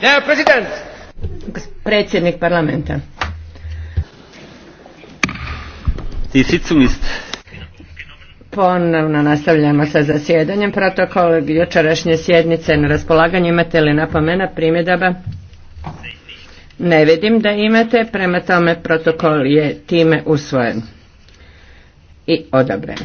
Ja. Predsjednik parlamenta. Ponovno nastavljamo sa zasjedanjem. Protokol jučerašnje sjednice na raspolaganju imate li napomena primjedaba? Ne vidim da imate, prema tome protokol je time usvojen i odabren.